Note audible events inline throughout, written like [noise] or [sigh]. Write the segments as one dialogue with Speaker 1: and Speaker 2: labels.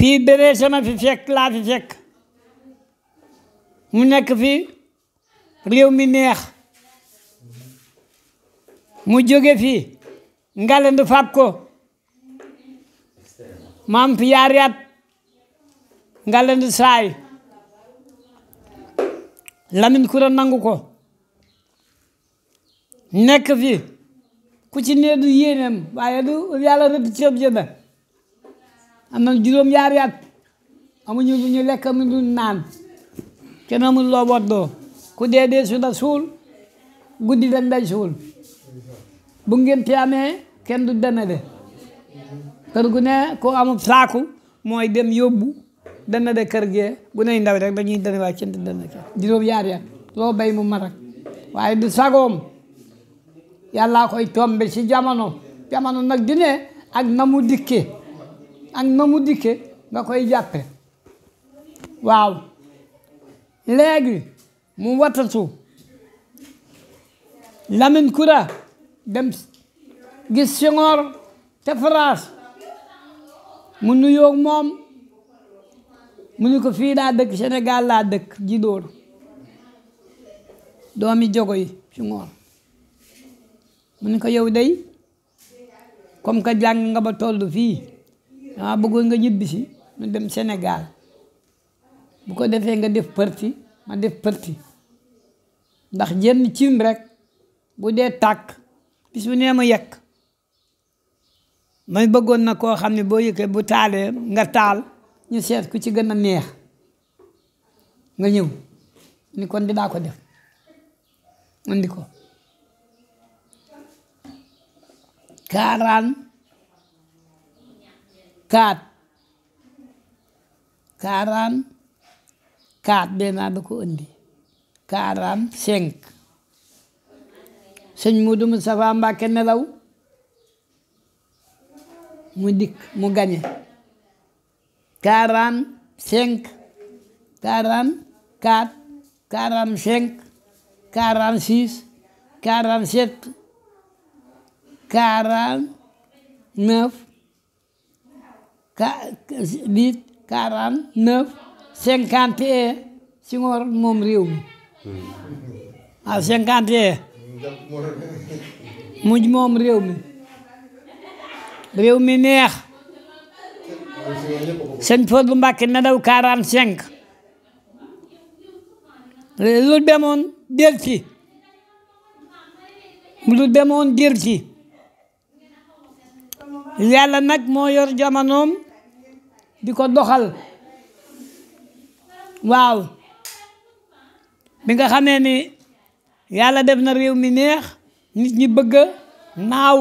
Speaker 1: fii bébé sama fi fekk laa fi fekk mu nekk fi réew mi neex mu jóge fi ngalandu fab ko maam fi yaari at ngalandu saay Lamin Kura nangu ko nekk fi ku ci ne du yéenem waaye du yàlla rëdd ceeb jënd am na juróom-ñaari at amuñu lu ñu lekk amuñu lu naan kenn amul loo woddoo ku dee dee su la suul guddi dañ suul bu ngeen te amee kenn du dana de kër gu ne koo amul saaku mooy dem yóbbu dana de kër gee bu nay ndaw rek dañuy dana waaye kenn du dana ke juróom-ñaari at loo koy tombe ci jamono jamono nag dine ak na mu dikkee a na mu dikke nga koy jàppe waaw léegi mu watatu Lamine Koura dem gis Senghor te France mu nuyoog moom mu ni ko fii daa dëkk senegal laa dëkk jidóor doomi jogo yi Senghor mu ni ko yow day comme que jàng nga ba toll fii dama bëggoon nga ñibbisi ñu dem Sénégal bu ko defee nga def parti ma def parti ndax jenn cin rek bu dee tàkk bis bu nee ma yekk may bëggoon na koo xam ne boo yëkkee bu taalee nga taal ñu seet ku ci gën a neex nga ñëw ni kon daa ko def andi ko kaaraan quatre quarante quatre bennaa da ko indi quarante cinq sëñ Modou Moustapha Mbacké nelaw mu dikk mu gañe quarante cinq quarante quatre quarante cinq quarante six quarante sept quarante neuf huit quarante neuf cinquante et Senghor moom réew mi waaw ah, cinquante et mujj moom réew mi réew mi neex sëñ Fodou Mbacké na daw quarante cinq lu demoon del ci lu demoon dir ci nag moo yor jamonoom di ko doxal waaw bi nga xamee ni yàlla def na réew mi neex nit ñi bëgg naaw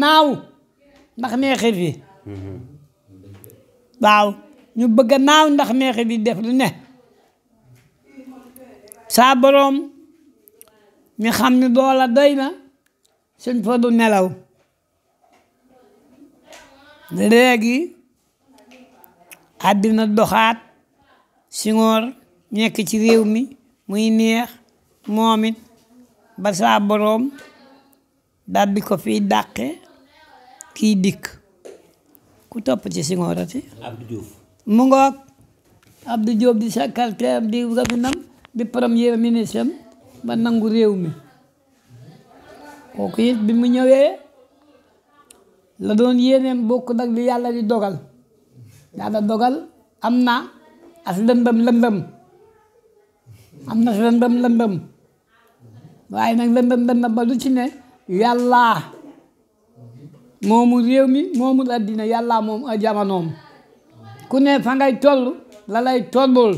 Speaker 1: naaw ndax neexe fi waaw ñu bëgg naaw ndax neexe bi def lu ne saa boroom mi xam ni doola doy na suñ fa du nelaw léegi àddina doxaat Senghor nekk ci réew mi muy neex moom it ba saa boroom daldi ko fi dàqe kii dikk ku topp ci Senghor ati Abdou Diouf mu ngoog Abdou Diouf di secrétaire di rabinam di premier ministre ba nangu réew mi kooku bi mu ñëwee la doon yéeneem bokk nag li yàlla di dogal daana dogal am na as lëndëm lëndëm am na as lëndëm lëndëm waaye nag lëndëm lëndëm ba lu ci ne yàllaa moomu réew mi moomu àddina yàllaa moom a jamanoom ku ne fa ngay toll la lay tollul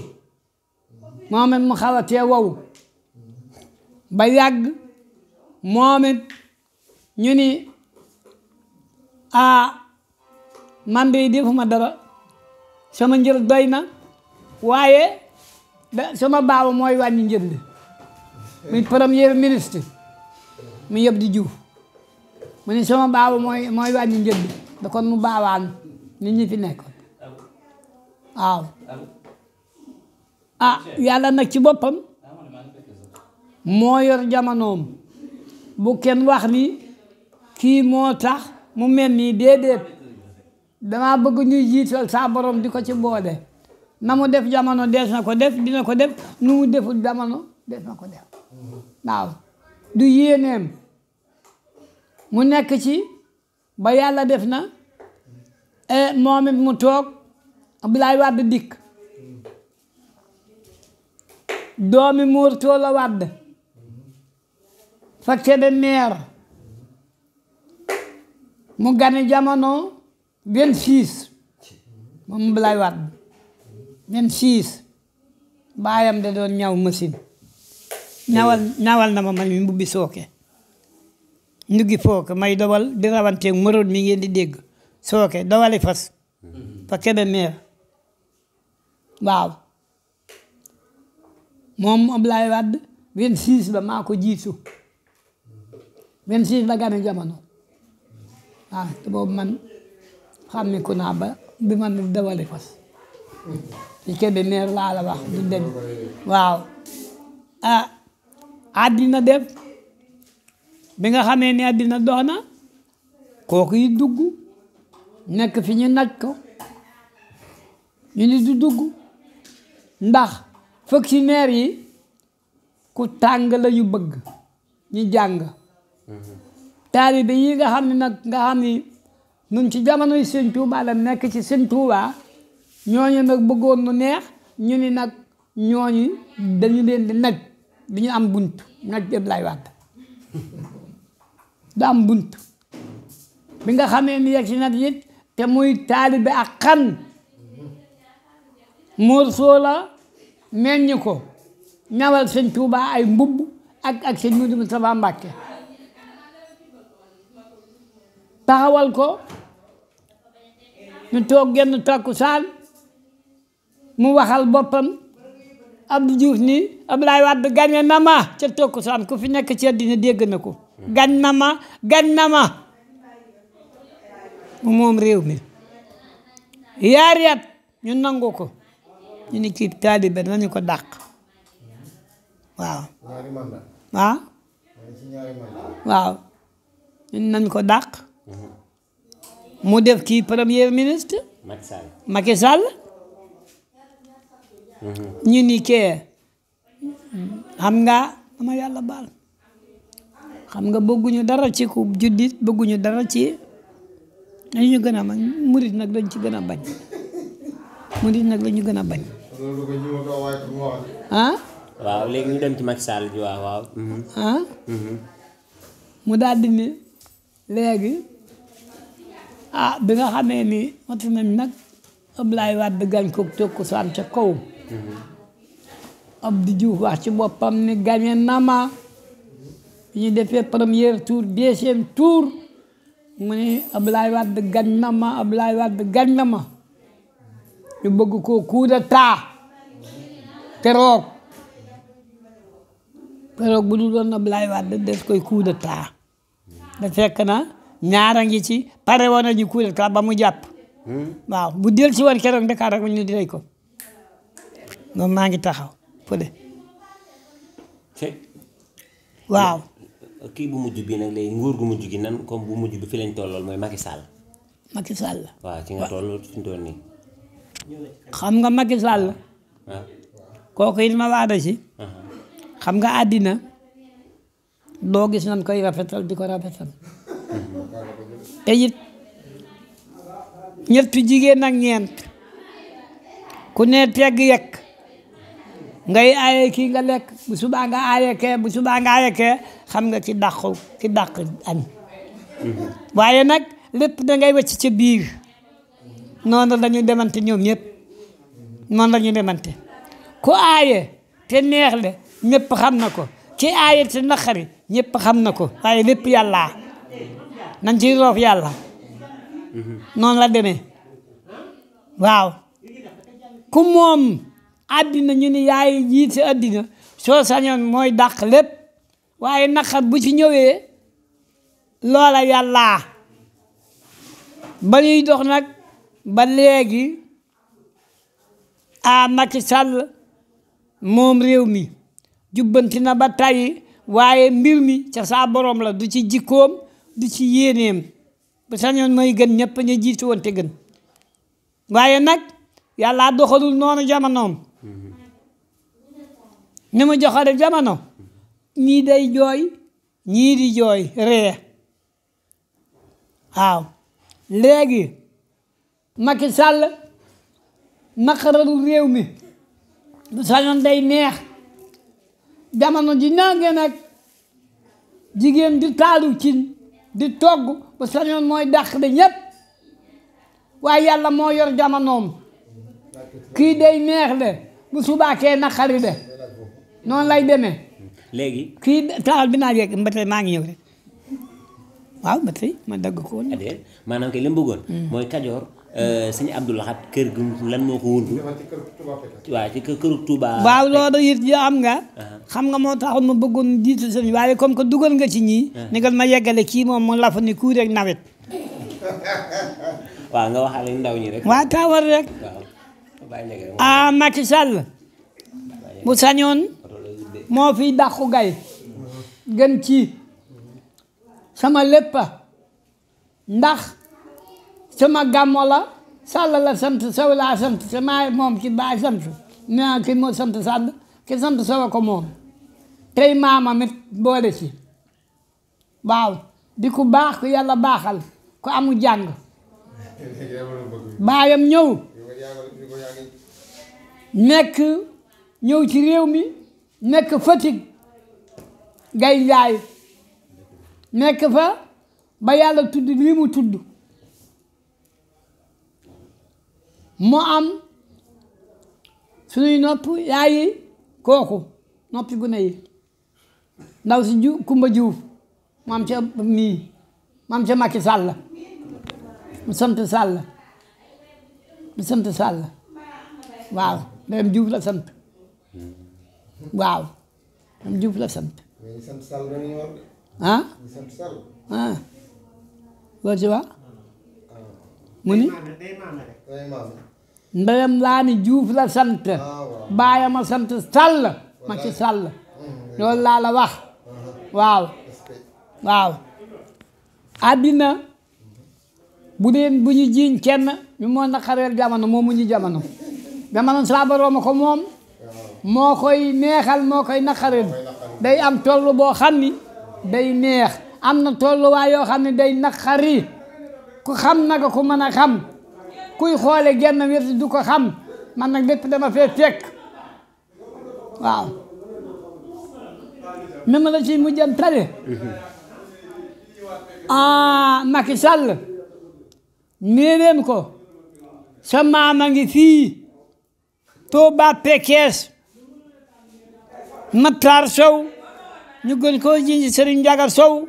Speaker 1: moomit mu xalatee wow ba yàgg moomit ñu ni a ah, man de defuma dara sama njël doy na waaye da sama baaw mooy wàññi njël li muy premier ministre mu yëpp di Diouf mu ne sama baaw mooy mooy wàññi njël da kon mu baawaan ni ñi fi nekk waaw ah yàlla nag ci boppam moo yor jamonoom bu kenn wax ni kii moo tax mu mel nii déedéet damaa bëgg ñuy jiital saa borom di ko ci boole na mu def jamono dees na ko def dina ko def nu mu deful jamono dees na ko def waaw du yéeneem mu nekk ci ba yàlla def na e, moom it mu toog Abdoulaye Wade dikk doomi muur toola Wade fa Kébémer mu gane jamono 26 moom Abdoulaye Wade 26 baayam da doon ñaw machine ñawal na ma man mi mbubbi sooke nduggi fooke may dowal di rawanteeg moroon mi ngeen di dégg sooke dowali fas fa kebe meer waaw moom Abdoulaye Wade 26 ba maa jiitu 26 ba gane jamono waaw te boobu man xàmmiku naa ba bi man dawali fas ci Kébémer laa la wax du dem waaw ah àddina def bi nga xamee ne àddina doona na kooku yi dugg nekk fi ñu naj ko ñu ni du dugg ndax fonctionnaire yi ku tàng la bëgg ñu jàng mm-hmm. taalibe yi nga xam ne nag nga xam nun ci jamonoy sëñ Tuubaa la nekk ci sëñ Tuubaa ñooñu nag bëggoon nu neex ñu ni nag ñooñu dañu leen di naj du ñu am bunt naj bi lay wàtt du am bunt bi nga xamee ni yegg si nag it te muy taalibe ak xan móor soo la meññ ko ñawal sëñ Tuubaa ay mbubb ak ak sëñ Mudu Mustafaa Mbàkke taxawal ko ñu toog genn takkusaan mu waxal boppam Abdou Diouf ni Abdoulaye Wade gañe na ma ca takkusaan ku fi nekk ci àddina dégg na ko gañ na ma gañ na ma mu moom réew mi yaari at ñu nangu ko ñu ni kii taalibe nañu ko dàq waaw ah? waaw waaw ñun nañ ko dàq mhm. mu def kii premier ministre. Macky Sall Macky Sall. Mhm. ñu ni kee xam nga dama yàlla baal xam nga bëgguñu dara ci ku juddit bëgguñu dara ci dañu gën a bañ murit nag dañ ci gën a bañ murit nag lañu gën a bañ. ah.
Speaker 2: ci Macky Sall mhm. Mhm.
Speaker 1: mu daal di ne léegi. ah bi nga xamee ni wati nañ nag Ablaye Wade gañ ko tëkkusaan ca kaw mm-hmm. ab Diouf wax ci boppam ni gañe nama ma bi ñu defee premier tour deuxième tour mu ne Ablaye Wade gañ na ma Ablaye Wade gañ na ma ñu bëgg koo coup d'état keroog keroog bu dul doon Ablaye Wade des koy coup d'état da mm-hmm. fekk ñaara ngi ci pare woon nañu kuréel ka ba mu jàpp. Hmm? waaw bu del si woon keroog Dakar rek ñu di ko. moom maa ngi taxaw fële. waaw.
Speaker 2: kii bu mujj bi nag léegi nguur gu mujj gi nan comme bu mujj bi fi lañ tollool mooy Macky Sall. Macky Sall. waaw ci nga toll ci toll nii.
Speaker 1: xam nga Macky la ah. waaw kooku it ma waada si. Ah. xam nga àddina loo gis nan koy rafetal di ko rafetal. te ñetti jigéen ak ñeent ku ne pegg yekk ngay aaye kii nga lekk bu subaa nga aaye kee bu subaa nga aaye kee xam nga ci dàq ci dàq añ waaye nag lépp da ngay wacc ca biir noon noonu lañu demante ñoom ñëpp noon lañu demante ku aaye te neex le ñëpp xam na ko ci aaye te naqari ñëpp xam na ko waaye lépp yàllaa nañ ci roof yàlla noonu la deme waaw ku moom àddina ñu ni yaay jiite àddina soo sañoon mooy dàq lépp waaye naqar bu ci ñëwee loola yàlla ba ñuy dox nag ba léegi a Macky Sall moom réew mi jubbanti na ba tàyyi waaye mbir mi ca saa borom la du ci jikkoom di ci yéeneem ba sañoon mooy gën ñëpp ñu jiitu woon te gën waaye nag yàlla doxalul noonu jamonoom mm-hmm. ni mu joxale jamono ñii day jooy ñii di jooy ree waaw léegi Macky Sall naqaralu réew mi bu sañoon day neex jamano ji naa nge jigéen di taalu cin di togg bu sañoon mooy dàq bi ñépp waaye yàlla moo yor jamanoom kii day neex de bu subaakee naqari de noonu lay demee léegi kii taxal bi naa yegg mbete maa ngi ñëw rek
Speaker 2: waaw mbete ma dagg ko woon maanaam kay li mu hmm. mooy kajoor Euh, sëñ Abdou Lahad kër gi lan moo ko wundu waaw
Speaker 1: loolu it yi am nga xam nga moo taxoon ma bëggoon jiitu sëñ waaye comme que dugal nga ci ñii ni nga ma yeggale kii moom mu lafa ni kuur ak nawet waaw
Speaker 2: nga waxaale ndaw ñi rek waa kaa war
Speaker 1: rek ah Macky Sall bu sañoon moo fi dàqu gay gën ci sama léppa ndax sama gàmmo la sàll la sant saw laa sant sama moom ci baay sant naa ki moo sant sàdd ki sant sawa ko moom tey maamam it boole ci waaw di ku baax ku yàlla baaxal ku amu jàng baayam ñëw nekk ñëw ci réew mi nekk Fatick gay njaay nekk fa ba yàlla tudd lii mu tudd mu am suñuy nopp yaayi kooku noppi gune yi ndaw si ju kumba juuf mu am ca mii mu am ca Macky Sall mu sant Sall mu sant Sall waaw ndeyam juuf la sant waaw ndeyam juuf la sant ah ah loo ci mu ni laa laani juuf la sant ah, baayam a sant sal ma ci sàll loolu laa la wax uh-huh. waaw waaw àddina bu dee bu ñu jiiñ kenn ñu moo naqareel jamono moo mu ñu jamono jamono saa borooma ko moom moo koy neexal moo koy naqareel day am tollu boo xam ni day neex am na tollu tolluwaay yoo xam ne day naqari ku xam naga ku mën a xam kuy xoole genn wet du ko xam man nag lépp dama fee fekk waaw mi ma la ci mujjan tale mm-hmm. ah Macky ko sa maam ngi fii Touba Pekes Matar Sow ñu gën koo jiñ Serigne Ndiaga Sow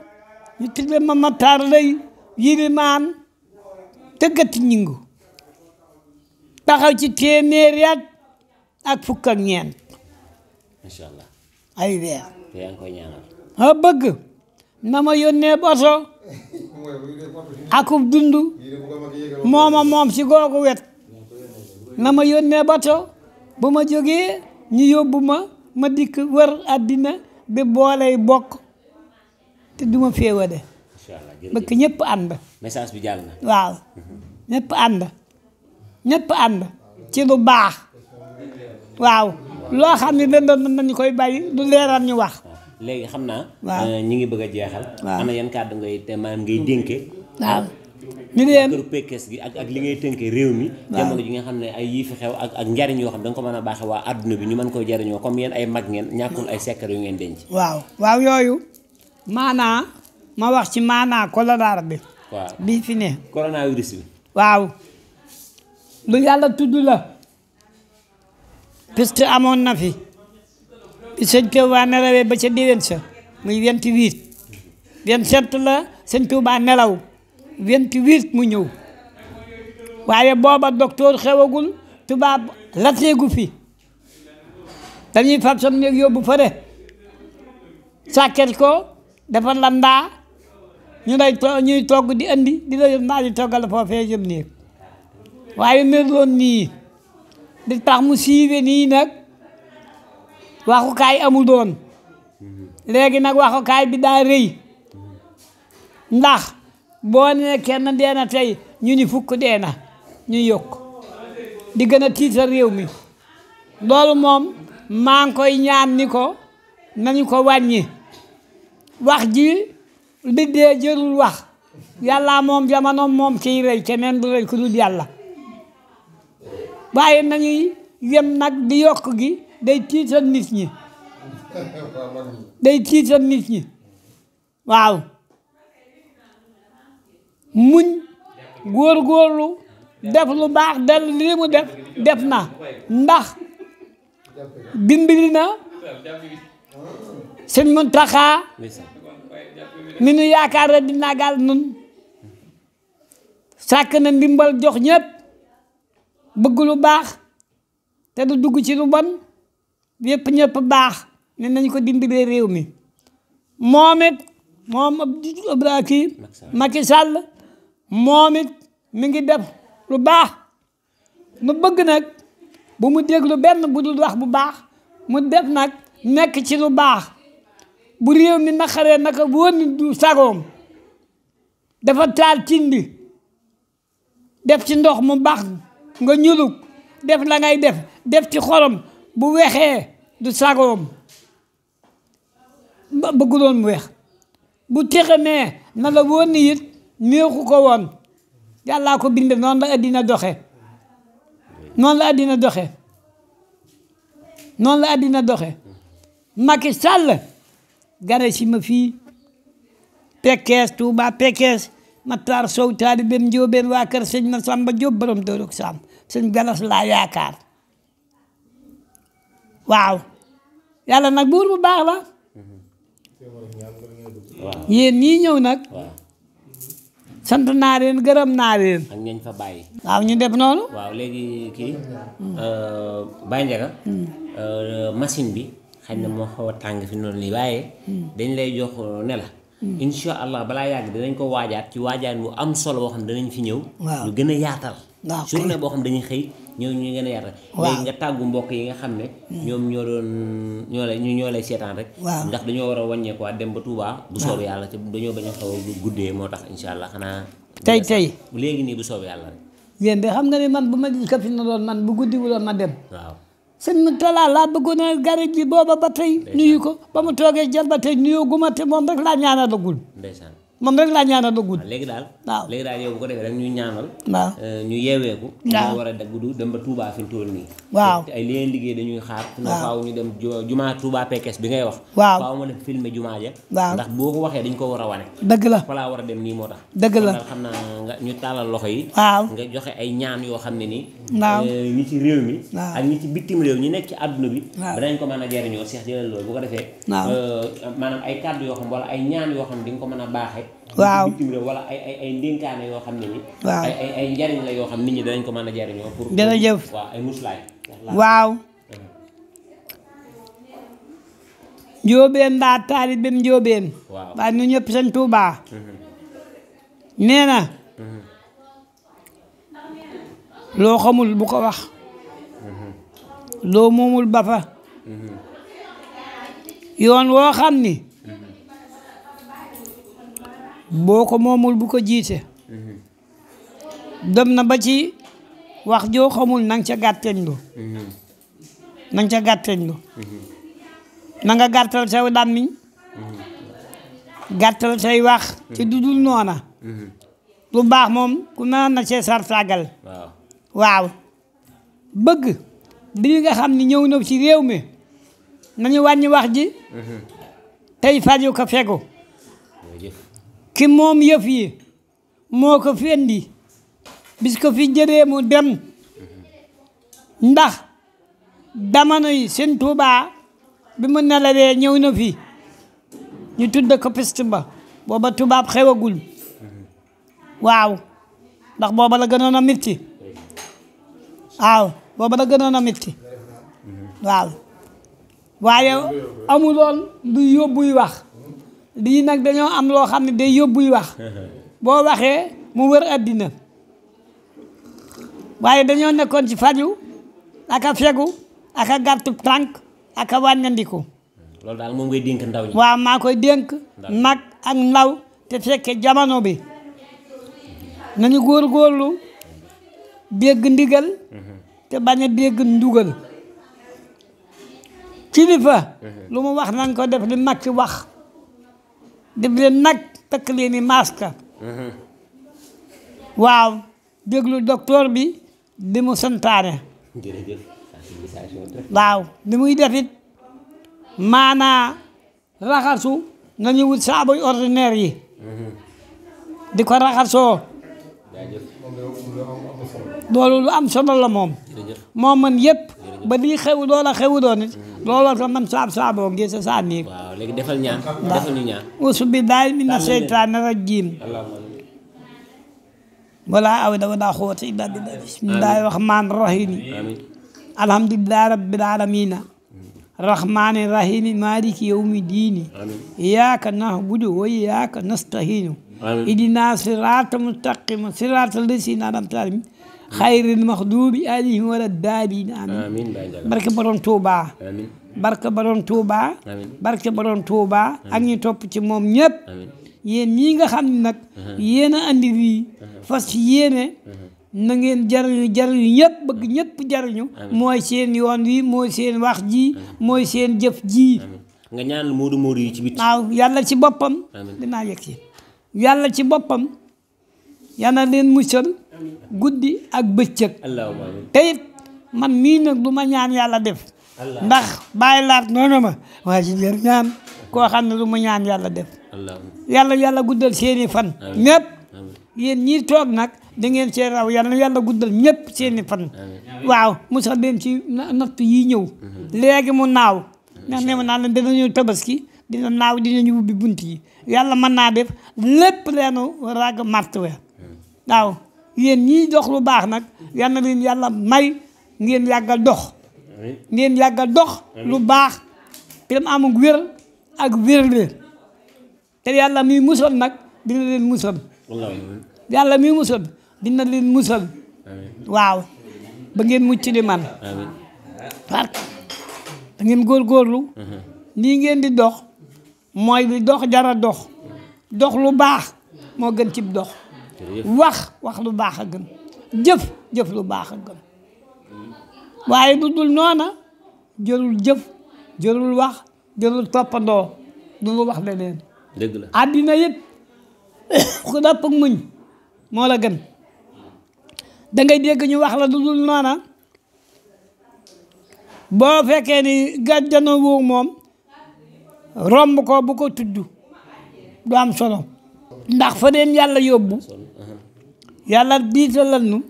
Speaker 1: ñu tuddee ma Matar lay yilimaan tëggati ñingu taxaw ci téeméeri at ak fukk ak ñeent. macha allah ay weer. yaa ma bëgg na ma yónnee boto akub dund mooma moom si googu wet na ma yónnee boto bu ma jógee ñu yóbbu ma ma dikk wër àddina bi booley bokk te duma féewade bëgg ñëpp ànd.
Speaker 2: message bi jàll na.
Speaker 1: waaw ñëpp ànd ñëpp ànd ci lu baax waaw loo xam ne dëndoon nañu koy bàyyi du leeral ñu wax.
Speaker 2: léegi xam naa. waaw euh, ñi ngi bëgg a jeexal. waaw ana yan kàddu ngay te maanaam ngay dénke. waaw ñu ah. ne leen pékes gi ak ak li ngay tënkee réew mi. waaw jamono ji nga xam ne ay yii fi xew ak ak njariñ yoo xam ne ko mën a baaxe waa adduna bi ñu mën koo jariñoo comme yéen ay mag ngeen ñàkkul ay secret yu ngeen denc.
Speaker 1: waaw waaw yooyu maanaa ma wax ci maanaa kolondaar bi. waaw bii fi ne. coronavirus waaw. lu yàlla tudd la. puisque amoon na fi. bi sëñ Tuubaa nelawee ba ca déwén sa muy vingt-huit vingt-sept la sëñ Tuubaa nelaw vingt-huit mu ñëw waaye booba docteur xewagul tubaab lateegu fi dañuy fab sam néeg yóbbu de sàkket ko dafa landaa ñu lay ñuy togg di andi di la naa di toggal foofee jëm néeg waaye mel nii di tax mu siiwe nii nag waxukaay amul doon léegi nag waxukaay bi daa rëy ndax boo nee kenn deena tey ñu ni fukk deena ñu yokk di gën a tiital réew mi loolu moom maa koy ñaan ni ko nañu ko wàññi wax ji bi dee jërul wax yàllaa moom jamono moom kiy rey keneen du rey ku dul yàlla waaye nañuy yem nag di yokk gi day tiital nit ñi day tiital nit ñi waaw muñ góorgóorlu def lu baax del li mu def def na ndax bimbili na sëñ Muntaxa ni ñu yaakaar rek dina gaal nun sàkk na ndimbal jox ñëpp bëgg lu baax te du dugg ci lu bon yëpp ñëpp baax ne nañ ko dimbalee réew mi moom it moom ab kii Macky Sall mi ngi def lu baax mu bëgg nag bu mu déglu benn bu dul wax bu baax mu def nag nekk ci lu baax bu réew mi naqaree naka bu woon du sagoom dafa taal cindi def ci ndox mu baax nga ñulug def la ngay def def ci xorom bu weexee du sagoom bëgguloon mu weex bu texamee na la woon ni it néexu ko woon yàllaa ko bind noonu la addina doxe noonu la addina doxe noonu la addina doxe Macky Sall gare si ma fi Pekes Touba Pekes Matar Sow taalibeem Njóobeen waa kër sëñ ma Samba Jóob borom Dóorog Sam sëñ Galas laa yaakaar waaw yàlla nag buur bu baax la yéen ñii ñëw nag sant naa leen gërëm naa
Speaker 2: bàyyi waaw ñu def noonu waaw léegi kii euh, Baye Ndiaga hmm. euh, bi xëy na moo xaw a tàng fi noonu lii waaye dañ lay jox ne la insha allah balaa yàgg dinañ ko waajaat ci waajaan bu am solo boo xam ne danañ fi ñëw gën a yaatal journée boo xam dañuy xëy ñëw ñu gën a nga tàggu mbokk yi nga xam ne hmm. ñoom ñoo doon ñoo lay seetaan rek ndax dañoo war a wàññeekuwaat dem ba Touba bu soob yàlla te dañoo bañ a xaw guddee moo tax insha allah xanaa tey tey léegi nii bu soob yàlla rek
Speaker 1: yéen de xam nga ne man bu ma gis ka fi na doon man bu guddi wuloon ma dem waaw sëñ mu talaa laa bëggoon a gare ji booba ba tey nuyu ko ba mu toogee jalba tey nuyoo guma te moom rek laa ñaanalagul ndeysaan moom rek laa ñaanal ba guddi.
Speaker 2: léegi daal waaw léegi daal yow bu ko defee rek ñu ñaanal. Euh, ñu yeeweeku. waaw war a dagg dem ba tuubaa fi mu nii. waaw ay li liggéey dañuy xaar. waaw faaw ñu dem jumaa Touba Pekes bi ngay wax. waaw faaw ma dem filmé jumaa ja. waaw ndax boo ko waxee dañ ko war a wane. dëgg la fa laa war a dem nii moo tax.
Speaker 1: dëgg la xam
Speaker 2: naa nga ñu tàllal loxo yi. waaw nga joxe ay ñaan yoo xam ne nii. waaw euh, ñi ci réew mi. waaw ak ñi ci bitim réew ñi nekk ci àdduna bi. waaw danañ ko mën a jariñoo Cheikh jëlal loolu bu ko euh, ay kàddu yoo xam wala ay ñaan yoo xam di nga ko mën a baaxee waaw wala ay ay ay ndénkaane yoo xam ne ni. waaw ay ay ay njariñ la yoo xam nit ñi danañ ko mën a jariñoo pour jërëjëf waaw ay muslaay waaw
Speaker 1: uh-huh. njóobeen mbaa taalibeem njóobeen waaw ñu ñëpp sañ tuubaa nee na uh-huh. loo xamul bu ko wax
Speaker 2: uh-huh.
Speaker 1: loo moomul ba fa yoon woo xam ni boo ko moomul bu ko jiite dem na ba ci wax joo xamul nanga ca gàtteñ lu nanga ca gàtteñ lu na nga gàttal say làmmiñ gàttal say wax te dudul noona lu baax moom ku naan na cee sar sàggal waaw bëgg bi nga xam ne ñëw na ci réew mi nañu wàññi wax ji tey faju ko fegu ki moom yëf yi moo ko fi indi fi jëlee mu dem ndax damano yi seen Tuuba bi mu nelawee ñëw na fi ñu tudd ko piste ba booba tubaab xewagul waaw ndax booba la gënoon a métti waaw booba la gënoon a métti waaw waaye amuloon du yóbbuy wax lii nag dañoo am loo xam ne day yóbbuy wax [laughs] boo waxee mu wër àddina waaye dañoo nekkoon ci faju ak a fegu ak a gàttu tànk ak a loolu
Speaker 2: daal moom ngay dénk ndaw ñi
Speaker 1: waaw maa koy dénk mag ak ndaw te fekke jamono bi nañu góorgóorlu dégg ndigal mm-hmm. te bañ a dégg ndugal kilifa mm-hmm. lu mu wax nan ko def li mag ci wax def leen nag takk leen i masque uh-huh. waaw déglu docteur bi di mu santaane waaw li muy defit maanaa raxasu nañu wut saabuy ordinair yi uh-huh. di ko raxasoo loolu lu am solo la moom. moo mën yëpp. ba lii xew loola xewu doon it. looloo tax man saab saaboo ngi sa saa néeg. waaw léegi usu billaahi mina seytaani rajiim. wala hawla wala quwwata illaa billaah.
Speaker 2: bismillaahi rahmaani rahiim.
Speaker 1: alhamdulillaahi rabbil aalamiina. rahmaani yawmi diini. iyaaka na'budu wa iyaaka nasta'iin ihdina sirata mustaqima sirata lazina an'amta alayhim xayril maxduubi alayhim wala daaliin amin barke borom Tuuba barke borom Tuuba barke borom Tuuba ak topp ci moom ñëpp yéen ñii nga xam ne nag yéen a andi lii fas na ngeen jariñu jariñu ñëpp bëgg ñëpp jariñu mooy seen yoon wi mooy seen wax ji mooy seen jëf ji nga ñaanal moodu moodu yi ci bit waaw yàlla ci boppam dinaa yegg si yàlla ci boppam yana leen muccal guddi ak bëccëg te man mii nag du ma ñaan yàlla def ndax bàyyi laat noonu ma waa ji jër ñaan koo xam ne du mu ñaan yàlla def yàlla yàlla guddal seeni fan ñëpp yéen ñii toog nag da ngeen cee raw yàlla yàlla guddal ñëpp seeni fan waaw musal leen ci natt yi ñëw mhm. léegi mu naaw ndax ne ma naa leen dinañu tabaski dina naaw dinañu ubbi bunt yi yàlla mën naa def lépp leenu rag martuwe waaw yéen ñii dox lu baax nag yal na yàlla may ngeen yàggal dox ngeen yàggal dox lu baax te dem amul ak wér leen te yàlla muy musal nag dina leen musol yàlla muy musal dina leen musal waaw ba ngeen mucc di man parce que da ngeen góorgóorlu nii ngeen di dox mooy bi dox jara dox dox lu baax moo gën cib dox wax wax lu baax a gën jëf jëf lu baax a gën waaye du dul noona jërul jëf jërul wax jërul toppandoo du wax leneen dëgg la àddina yëpp [coughs] ku muñ moo la gën dangay dégg ñu wax la du dul noona boo fekkee ni gàjjanoo woo moom romb ko bu ko tudd du am solo ndax fa leen yàlla yóbbu yàlla diitalal nu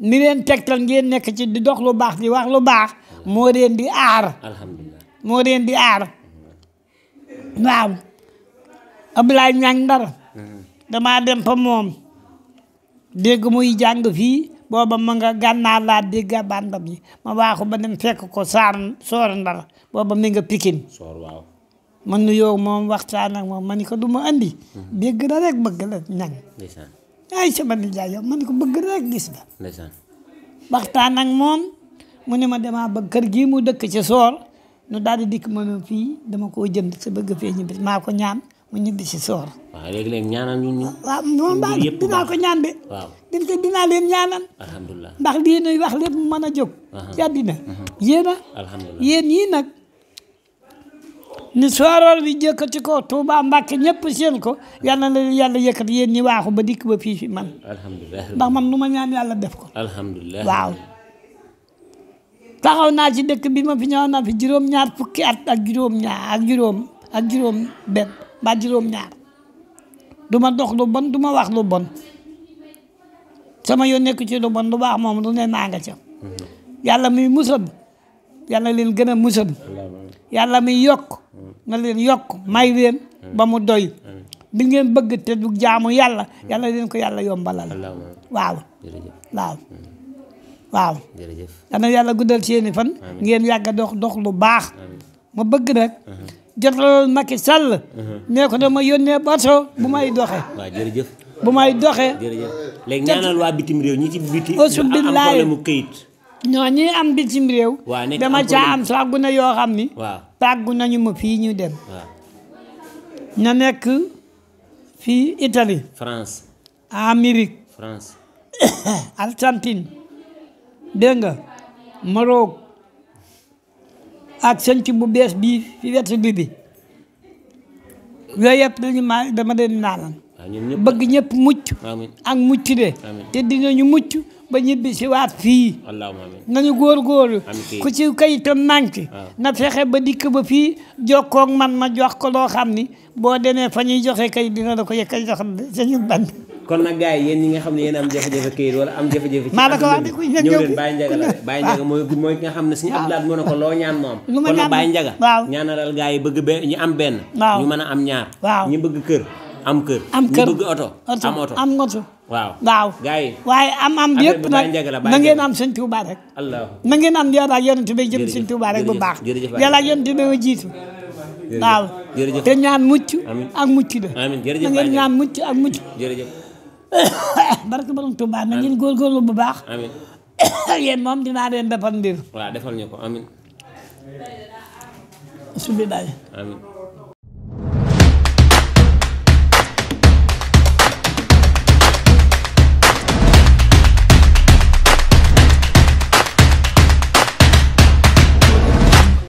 Speaker 1: ni leen tegtal ngeen nekk ci di dox lu baax di wax lu baax moo leen di aar moo ab di aar waaw Ndar damaa dem fa moom dégg muy jàng fii booba ma nga gànnaar laa dégg bandam yi ma waaxu ba dem fekk ko saar soor ndar booba mi nga pikin man nu yow moom waxtaan ak moom ma ni ko du ma andi. Mhm. dégg na rek bëgg la ñaŋ. ndeysaan ay sama nijaay yow ma ni ko bëgg rek gis la. ndeysaan waxtaan ak moom mu ne ma damaa bëgg kër gii mu dëkk ci soor nu daal di dikk ma ne fii dama koo jënd sa bëgg fee ñibbi maa ko ñaan mu ñibbi si soor. waaw
Speaker 2: léegi-léegi ñaanal ñun ñu.
Speaker 1: waaw moom baax ko ñaan de. waaw din ko dinaa leen ñaanal. alhamdulilah ndax lii nuy wax lépp mu mën a jóg. ci àddina li sooroor bi jëkkati ko Touba Mbacke ñëpp seen ko yàlla na yàlla yëkkati yéen ñi waaxu ba dikk ba fii fi man. ndax man lu ma ñaan yàlla def ko.
Speaker 2: alhamdulilah waaw.
Speaker 1: taxaw naa ci dëkk bi ma fi ñëw naa juróom-ñaar fukki at ak juróom-ñaar ak juróom ak juróom ba juróom-ñaar du dox lu bon du wax lu bon sama yoon nekk ci lu bon lu baax moom lu ne naa nga ca. Mhm. yàlla muy musal yàlla leen gën a musal. yàlla mi yokk na leen yokk may leen ba mu doy bi ngeen bëgg te du jaamu yàlla yàlla leen ko yàlla yombalal waaw waaw waaw dana yàlla guddal seeni fan ngeen yàgga dox dox lu baax ma bëgg nag uh-huh. jotalool Macky Sall uh-huh. nee ko dama yónnee bato bu may doxe waaw jërëjëf bu may doxe jërëjëf léegi ñaanal waa bitim réew ñi ci biti am mu këyit non ñi am bitim réew. waaw nekk dama caa am tàggu na yoo xam ni. waaw tàggu nañu ma fii ñu dem. na nekk fii itali France. Amérique. France. [coughs] Argentine. dégg nga Maroc ak sëñ bu bees bii fi wetu bi bi yooyu yëpp dañu ma dama leen naalan bëgg ñëpp mucc. ak mucc de. te dinañu mucc. ba ñibbi si waat fii nañu góorgóorlu ku ci kayitam nànk ah. na fexe ba dikk ba fii jokkoog man ma jox ko loo xam ni boo demee fa ñuy joxe kayit dina la ko yëkkal jox sa ñu ban
Speaker 2: kon nag gars yi yéen ñi nga xam ne yéen am jafe kayit wala am jafe-jafe maa la ko wax de ku ñëw ñëw leen Baye Ndiaga la nga xam ne suñu ablaat mu ne ko loo ñaan moom lu ma ñaan Baye Ndiaga waaw ñaanalal gars yi bëgg benn ñu am benn waaw ñu mën a am ñaar waaw ñu bëgg kër am kër am kër ñu bëgg oto am oto am oto waaw
Speaker 1: waaw gars yi waaye am am yëpp nag na ngeen am sëñ Tuuba rek na ngeen am yàlla yonent bi jëm sëñ Tuuba rek bu baax yàlla yonent bi ma jiitu
Speaker 2: waaw te
Speaker 1: ñaan mucc ak mucc de na ngeen ñaan mucc ak mucc jërëjëf [coughs] barke borom Tuuba na ngeen góorgóorlu bu baax amiin [coughs] yéen moom dinaa leen defal mbir
Speaker 2: waaw defal ñu ko amiin
Speaker 1: su bi daay amiin